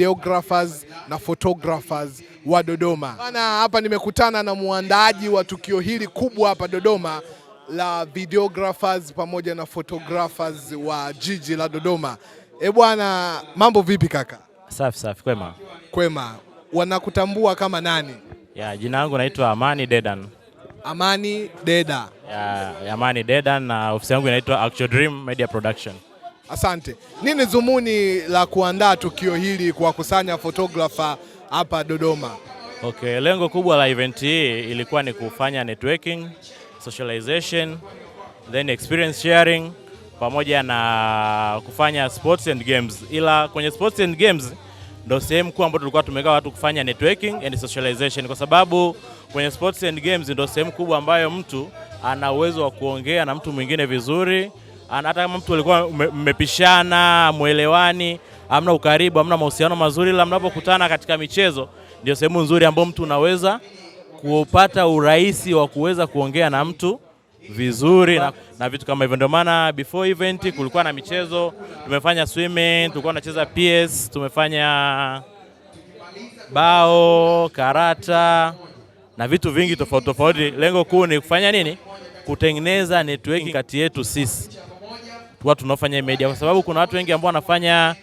videographers na photographers wa Dodoma. Bana, hapa nimekutana na muandaaji wa tukio hili kubwa hapa Dodoma la videographers pamoja na photographers wa jiji la Dodoma. E bwana, mambo vipi kaka? Safi safi, kwema kwema. Wanakutambua kama nani? Ya, jina langu naitwa Amani Dedan. Amani Deda. Ya, Amani Dedan na ofisi yangu inaitwa Actual Dream Media Production. Asante. Nini dhumuni la kuandaa tukio hili kuwakusanya photographer hapa Dodoma? Okay, lengo kubwa la event hii ilikuwa ni kufanya networking, socialization, then experience sharing pamoja na kufanya sports and games. Ila kwenye sports and games ndo sehemu kuu ambayo tulikuwa tumeweka watu kufanya networking and socialization, kwa sababu kwenye sports and games ndo sehemu kubwa ambayo mtu ana uwezo wa kuongea na mtu mwingine vizuri hata kama mtu alikuwa mmepishana, mwelewani, amna ukaribu, amna mahusiano mazuri, la mnapokutana katika michezo, ndio sehemu nzuri ambayo mtu unaweza kupata urahisi wa kuweza kuongea na mtu vizuri na, na vitu kama hivyo. Ndio maana before event kulikuwa na michezo, tumefanya swimming, tulikuwa tunacheza PS, tumefanya bao, karata na vitu vingi tofauti tofauti. Lengo kuu ni kufanya nini? Kutengeneza network kati yetu sisi watu wanaofanya media, kwa sababu kuna watu wengi ambao wanafanya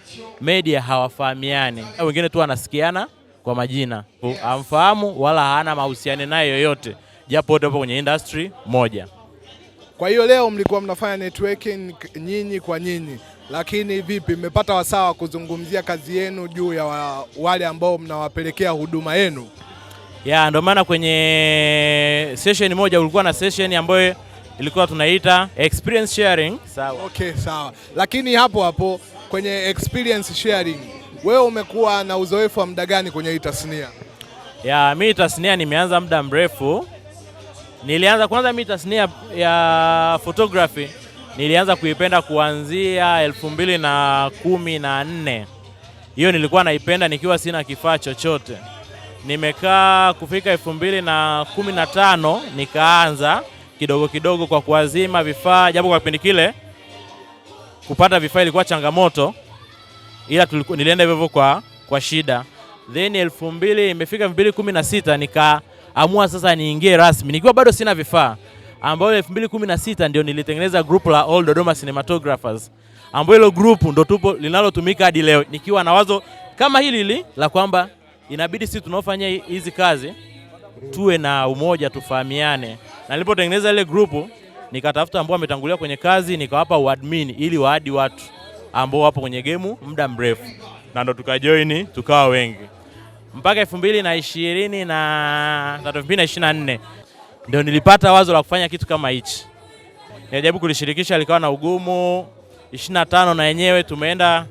media hawafahamiani, wengine tu wanasikiana kwa majina, hamfahamu wala hana mahusiano naye yoyote, japo wote wapo kwenye industry moja. Kwa hiyo leo mlikuwa mnafanya networking nyinyi kwa nyinyi, lakini vipi, mmepata wasaa wa kuzungumzia kazi yenu juu ya wale ambao mnawapelekea huduma yenu? Ya ndio maana kwenye session moja ulikuwa na session ambayo ilikuwa tunaita experience sharing. Sawa. Okay, sawa. Lakini hapo hapo kwenye experience sharing, wewe umekuwa na uzoefu wa muda gani kwenye hii tasnia? Ya, mi tasnia nimeanza muda mrefu. Nilianza kwanza mi tasnia ya photography nilianza kuipenda kuanzia elfu mbili na kumi na nne. Hiyo nilikuwa naipenda nikiwa sina kifaa chochote. Nimekaa kufika elfu mbili na kumi na tano nikaanza kidogo kidogo kwa kuazima vifaa, japo kwa kipindi kile kupata vifaa ilikuwa changamoto, ila nilienda hivyo hivyo kwa, kwa shida. Then elfu mbili imefika elfu mbili kumi na sita nikaamua sasa niingie rasmi nikiwa bado sina vifaa, ambayo elfu mbili kumi na sita ndio nilitengeneza group la All Dodoma Cinematographers, ambayo hilo group ndo tupo linalotumika hadi leo, nikiwa na wazo kama hili hili la kwamba inabidi sisi tunaofanya hizi kazi tuwe na umoja, tufahamiane na nilipotengeneza ile grupu nikatafuta ambao wametangulia kwenye kazi nikawapa uadmin ili waadi watu ambao wapo kwenye gemu muda mrefu, na ndo tukajoini tukawa wengi mpaka elfu mbili na ishirini na elfu mbili na ishirini na nne ndio nilipata wazo la kufanya kitu kama hichi. Nilijaribu kulishirikisha likawa na ugumu, ishirini na tano na yenyewe tumeenda,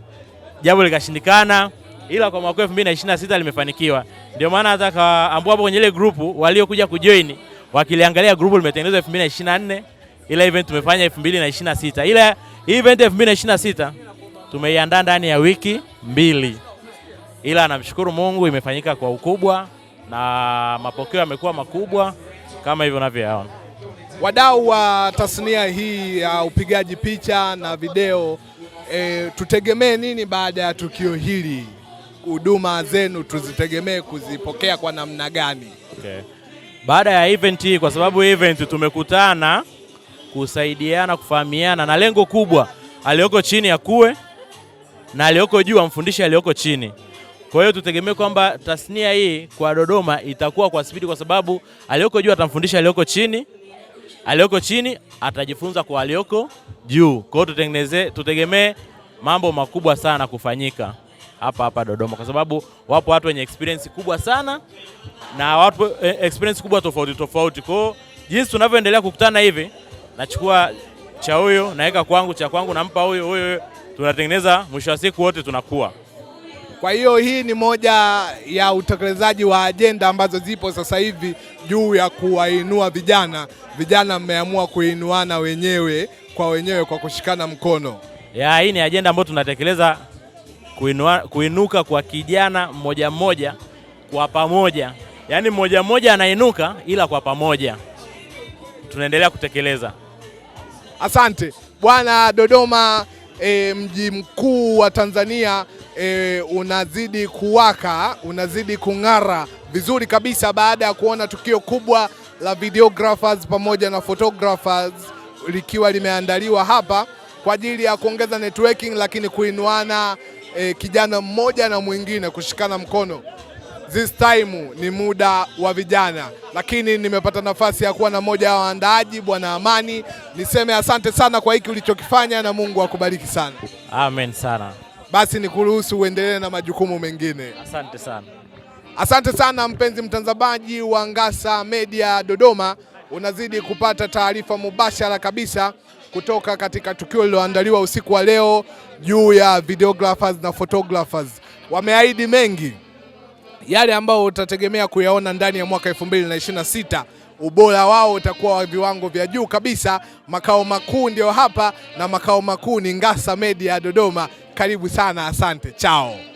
jambo likashindikana, ila kwa mwaka elfu mbili na ishirini na sita limefanikiwa. Ndio maana hata ambao wapo kwenye ile grupu waliokuja kujoini wakiliangalia grupu limetengenezwa 2024 ila event tumefanya 2026 ila event 2026 tumeiandaa ndani ya wiki mbili, ila namshukuru Mungu imefanyika kwa ukubwa na mapokeo yamekuwa makubwa kama hivyo unavyoyaona. Wadau wa tasnia hii ya upigaji picha na video e, tutegemee nini baada ya tukio hili? Huduma zenu tuzitegemee kuzipokea kwa namna gani? Okay baada ya event hii, kwa sababu event tumekutana kusaidiana, kufahamiana, na lengo kubwa aliyoko chini akuwe na aliyoko juu amfundishe aliyoko chini. Kwa hiyo tutegemee kwamba tasnia hii kwa Dodoma itakuwa kwa spidi, kwa sababu aliyoko juu atamfundisha aliyoko chini, aliyoko chini atajifunza kwa aliyoko juu. Kwa hiyo tutengeneze, tutegemee mambo makubwa sana kufanyika hapa hapa Dodoma, kwa sababu wapo watu wenye experience kubwa sana na watu eh, experience kubwa tofauti tofauti. Kwa hiyo jinsi tunavyoendelea kukutana hivi, nachukua cha huyo naweka kwangu, cha kwangu nampa huyo huyo, tunatengeneza, mwisho wa siku wote tunakuwa. Kwa hiyo hii ni moja ya utekelezaji wa ajenda ambazo zipo sasa hivi juu ya kuwainua vijana. Vijana mmeamua kuinuana wenyewe kwa wenyewe kwa kushikana mkono ya, hii ni ajenda ambayo tunatekeleza kuinua, kuinuka kwa kijana mmoja mmoja kwa pamoja, yaani mmoja mmoja anainuka ila kwa pamoja tunaendelea kutekeleza. Asante bwana. Dodoma e, mji mkuu wa Tanzania e, unazidi kuwaka, unazidi kung'ara vizuri kabisa baada ya kuona tukio kubwa la videographers pamoja na photographers likiwa limeandaliwa hapa kwa ajili ya kuongeza networking lakini kuinuana e, kijana mmoja na mwingine kushikana mkono. This time ni muda wa vijana, lakini nimepata nafasi ya kuwa na mmoja wa waandaaji, Bwana Amani. Niseme asante sana kwa hiki ulichokifanya na Mungu akubariki sana. Amen sana. Basi nikuruhusu uendelee na majukumu mengine. Asante sana. Asante sana mpenzi mtazamaji wa Ngasa Media Dodoma, unazidi kupata taarifa mubashara kabisa kutoka katika tukio lililoandaliwa usiku wa leo juu ya videographers na photographers. Wameahidi mengi yale ambayo utategemea kuyaona ndani ya mwaka 2026. Ubora wao utakuwa wa viwango vya juu kabisa. Makao makuu ndio hapa, na makao makuu ni Ngasa Media ya Dodoma. Karibu sana, asante chao.